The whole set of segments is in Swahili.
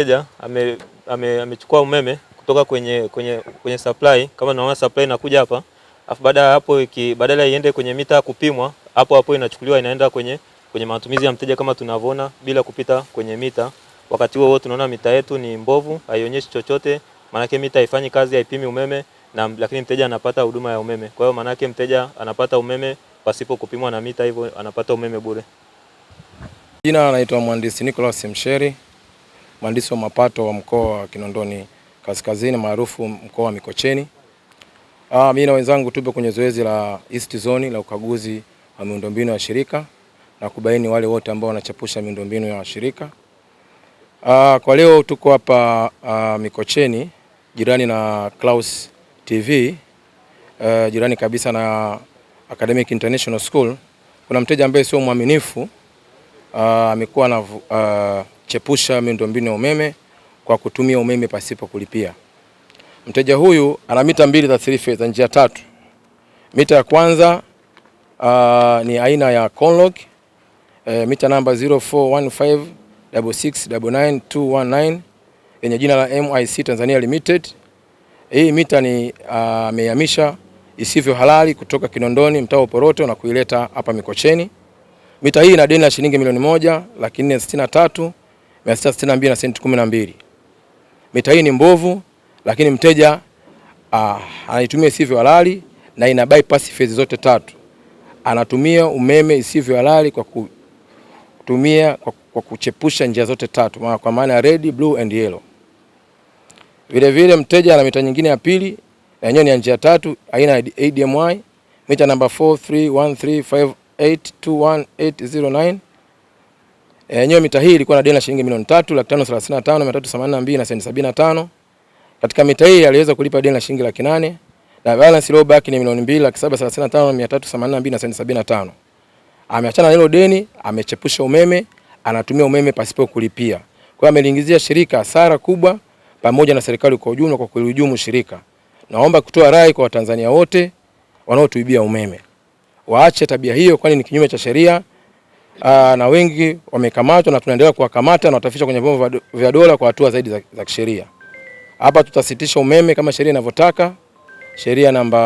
Mteja amechukua ame, umeme kutoka kwenye, kwenye, kwenye supply kama naona supply inakuja hapa, afu baada ya hapo iki, badala iende kwenye mita kupimwa, hapo hapo inachukuliwa inaenda kwenye, kwenye matumizi ya mteja kama tunavyoona bila kupita kwenye mita. Wakati huo huo tunaona mita yetu ni mbovu, haionyeshi chochote, maanake mita haifanyi kazi, haipimi umeme na, lakini mteja anapata huduma ya umeme. Kwa hiyo maanake mteja anapata umeme pasipo kupimwa na mita, hivyo anapata umeme bure. Jina anaitwa Mhandisi Nicholas Msheri mhandisi wa mapato wa mkoa wa Kinondoni Kaskazini maarufu mkoa wa Mikocheni. Ah, mimi na wenzangu tupo kwenye zoezi la East Zone la ukaguzi wa miundombinu ya shirika na kubaini wale wote ambao wanachapusha miundombinu ya shirika. Ah, kwa leo tuko hapa ah, Mikocheni jirani na Klaus TV eh, jirani kabisa na Academic International School. Kuna mteja ambaye sio mwaminifu ah, amekuwa ah, na ah, kuchepusha miundombinu ya umeme kwa kutumia umeme pasipo kulipia. Mteja huyu ana mita mbili za sirife za njia tatu. Mita ya kwanza uh, ni aina ya Conlog e, eh, mita namba 0415669219 yenye jina la MIC Tanzania Limited. Hii mita ni ah, amehamisha uh, isivyo halali kutoka Kinondoni mtaa wa Poroto na kuileta hapa Mikocheni. Mita hii ina deni la shilingi milioni moja laki nne sitini na tatu 662 na senti 12. Mita hii ni mbovu, lakini mteja ah, anaitumia isivyo halali na ina bypass phase zote tatu. Anatumia umeme isivyo halali kwa kutumia kwa, kwa kuchepusha njia zote tatu kwa maana ya red, blue and yellow. Vile vile mteja ana mita nyingine ya pili na yenyewe ni ya njia tatu aina ya ADMY mita namba 43135821809 E, eh, Yenyewe mita hii ilikuwa na deni la shilingi milioni 3,535,382 na senti 75. Katika mita hii aliweza kulipa deni la shilingi laki nane na balance iliyobaki ni milioni 2,735,382 na senti 75. Ameachana na hilo deni, amechepusha umeme, anatumia umeme pasipo kulipia. Kwa hiyo ameliingizia shirika hasara kubwa pamoja na serikali kwa ujumla kwa kulihujumu shirika. Naomba kutoa rai kwa Watanzania wote wanaotuibia umeme. Waache tabia hiyo kwani ni kinyume cha sheria aa, ah, na wengi wamekamatwa na tunaendelea kuwakamata na watafishwa kwenye vyombo vya dola kwa hatua zaidi za, za kisheria. Hapa tutasitisha umeme kama sheria inavyotaka, sheria namba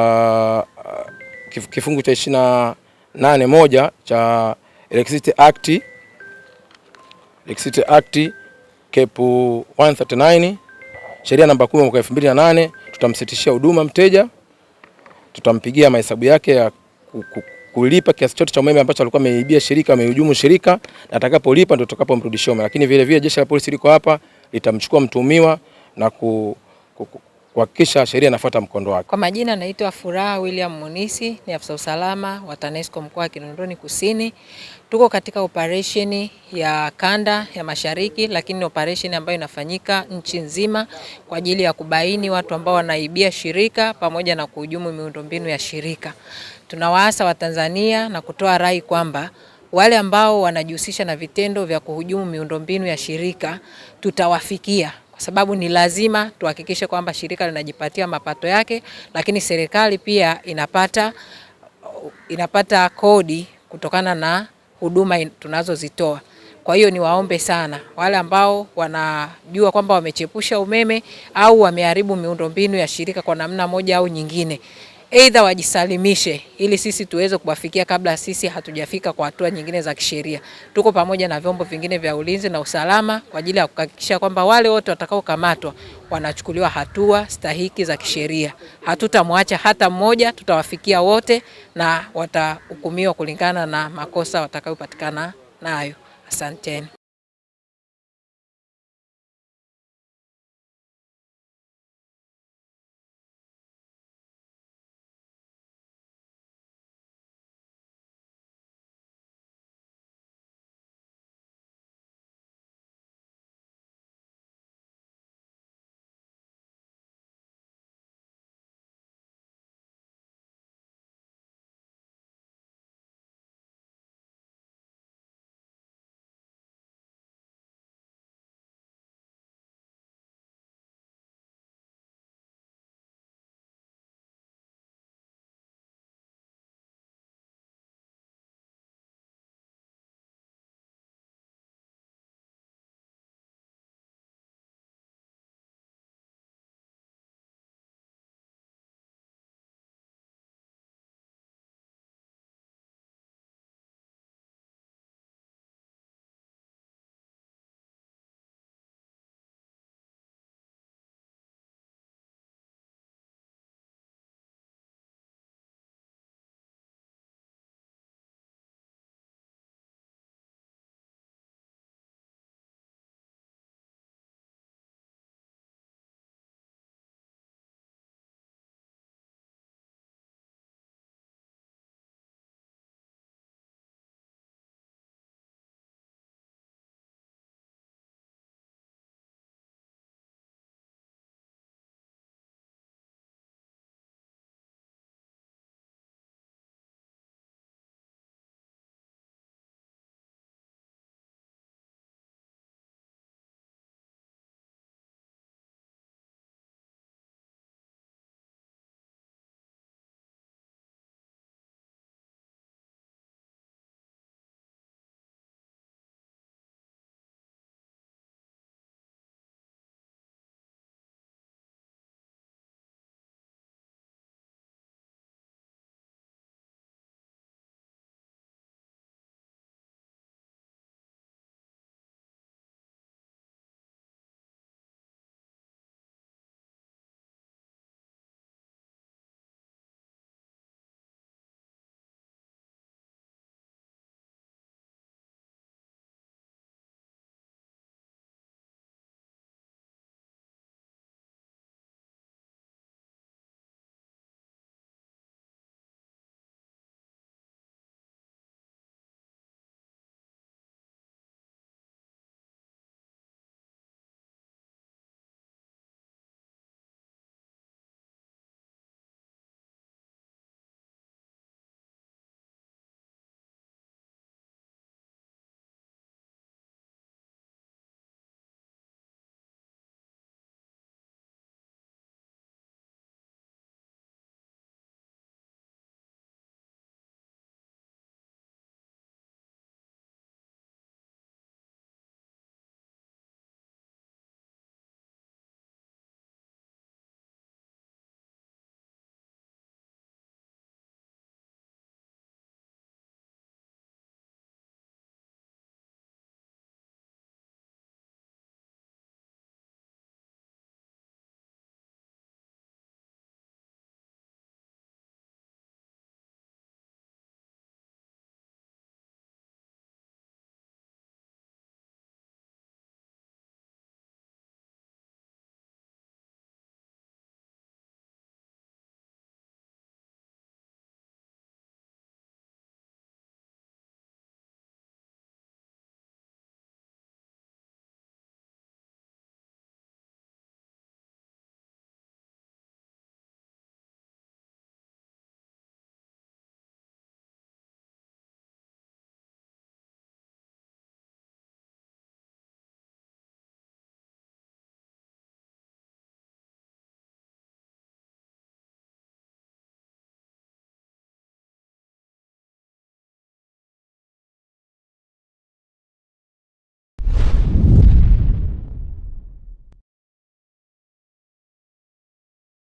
ah, kif, kifungu cha ishirini nane moja cha Electricity Act, Electricity Act Cap 139 sheria namba 10 mwaka 2008, tutamsitishia huduma mteja, tutampigia mahesabu yake ya kulipa kiasi chote cha umeme ambacho alikuwa ameibia shirika, amehujumu shirika, na atakapolipa ndio tutakapomrudishia umeme. Lakini vile vile jeshi la polisi liko hapa litamchukua mtumiwa na ku, ku, ku kuhakikisha sheria inafuata mkondo wake. Kwa majina naitwa Furaha William Munisi, ni afisa usalama wa TANESCO mkoa wa Kinondoni Kusini. Tuko katika operation ya kanda ya mashariki, lakini operation ambayo inafanyika nchi nzima kwa ajili ya kubaini watu ambao wanaibia shirika pamoja na kuhujumu miundombinu ya shirika tunawaasa Watanzania na kutoa rai kwamba wale ambao wanajihusisha na vitendo vya kuhujumu miundombinu ya shirika tutawafikia, kwa sababu ni lazima tuhakikishe kwamba shirika linajipatia mapato yake, lakini serikali pia inapata, inapata kodi kutokana na huduma tunazozitoa. Kwa hiyo niwaombe sana wale ambao wanajua kwamba wamechepusha umeme au wameharibu miundombinu ya shirika kwa namna moja au nyingine aidha wajisalimishe ili sisi tuweze kuwafikia kabla sisi hatujafika kwa hatua nyingine za kisheria. Tuko pamoja na vyombo vingine vya ulinzi na usalama kwa ajili ya kuhakikisha kwamba wale wote watakaokamatwa wanachukuliwa hatua stahiki za kisheria. Hatutamwacha hata mmoja, tutawafikia wote na watahukumiwa kulingana na makosa watakayopatikana nayo. Asanteni.